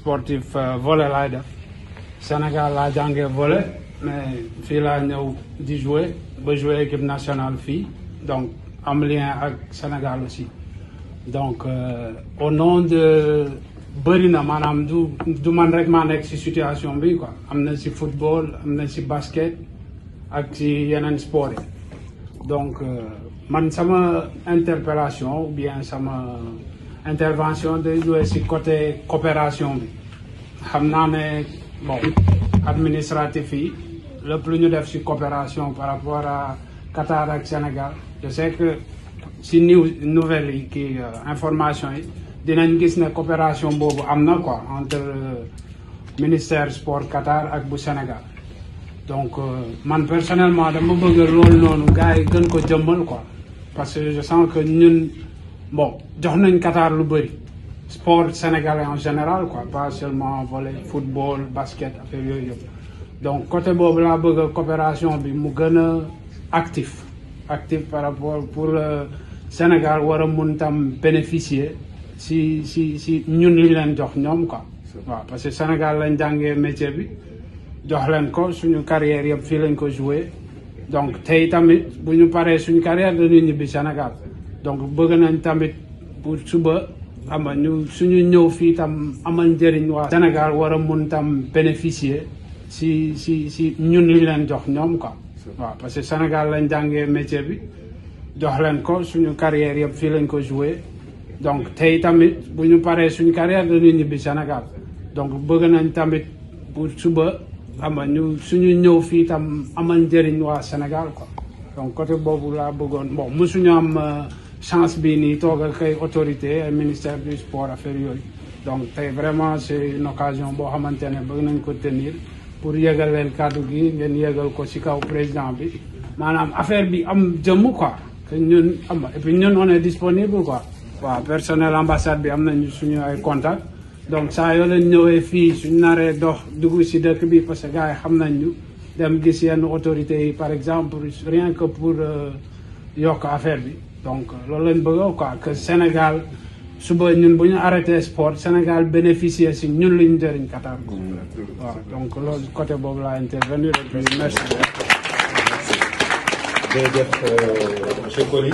sportif euh, voler. laay Sénégal la volé, mais il a joué. di jouer ba jouer équipe nationale Donc, donc un lien le Sénégal aussi donc euh, au nom de Berlin je me du du man rek maa situation bi quoi amna ci football amna ci basket ak ci yenen sport donc euh, man sama interpellation ou bien sama intervention de joueurs côté coopération bi bon administratif Le plus lu def coopération par rapport à Qatar et au Sénégal je sais que si une nouvelles qui euh, information nous avons gis coopération entre le ministère quoi entre euh, ministère sport Qatar et bu Sénégal donc euh, man personnellement dama bëgg loolu noonu gars yi gën ko jëmmal quoi parce que je sens que ñun bon jox nañ Qatar lu sport sénégalais en général quoi pas seulement volley football basket affaire donc côté Bob, la bëgg coopération bi mu gën actif actif par rapport pour le euh, Sénégal war a mun bénéficier si si si ñun li ñu leen jox ñoom quoi waaw parce que Sénégal lañ jàngee métier bi jox leen ko suñu carrière yëpp a lañ ko joué donc tey tamit bu ñu paree suñu carrière dañuy ñibbi Sénégal donc bëgg nañ tamit pour suba xam ñu suñu ñëw fi tam amal njëriñ Sénégal wara a tam bénéficier si si si ñun li ñu leen jox ñoom quoi. waaw parce que Sénégal lañ jàngee métier bi jox leen ko suñu carrière yëpp fii lañ ko joué donc tey tamit bu ñu paree suñu carrière dañuy ñibbi Sénégal donc bëgg nañ tamit pour suba xam ñu suñu ñëw fii tam amal njëriñ waa Sénégal quoi donc côté boobu laa bëggoon bon mosuñu am. Euh, chance béni nii toog autorité et ministère du sport affaire donc c'est vraiment c'est une occasion bo xamantene ne nañ ko tenir pour yëgal leen kàddu gi ngeen yëgal ko ci kaw président bi manam affaire bi am jëmm quoi que ñun am et puis ñun on est disponible quoi waaw personnel ambassade bi am nañ suñu ay contact donc ça yo leen ñëwé fi suñu naree dox dugg ci dëkk bi parce que gars xam nañ ñu dem gis yenn autorités yi par exemple rien que pour euh, yokk affaire bi donc loolu lañ bëgg quoi que Sénégal suba ñun bu ñu arrêté sport Sénégal bénéficier si ñun li ñu jëriñ Qatar. waaw donc loolu côté boobu la intervenir et puis merci. jërëjëf euh, monsieur Coly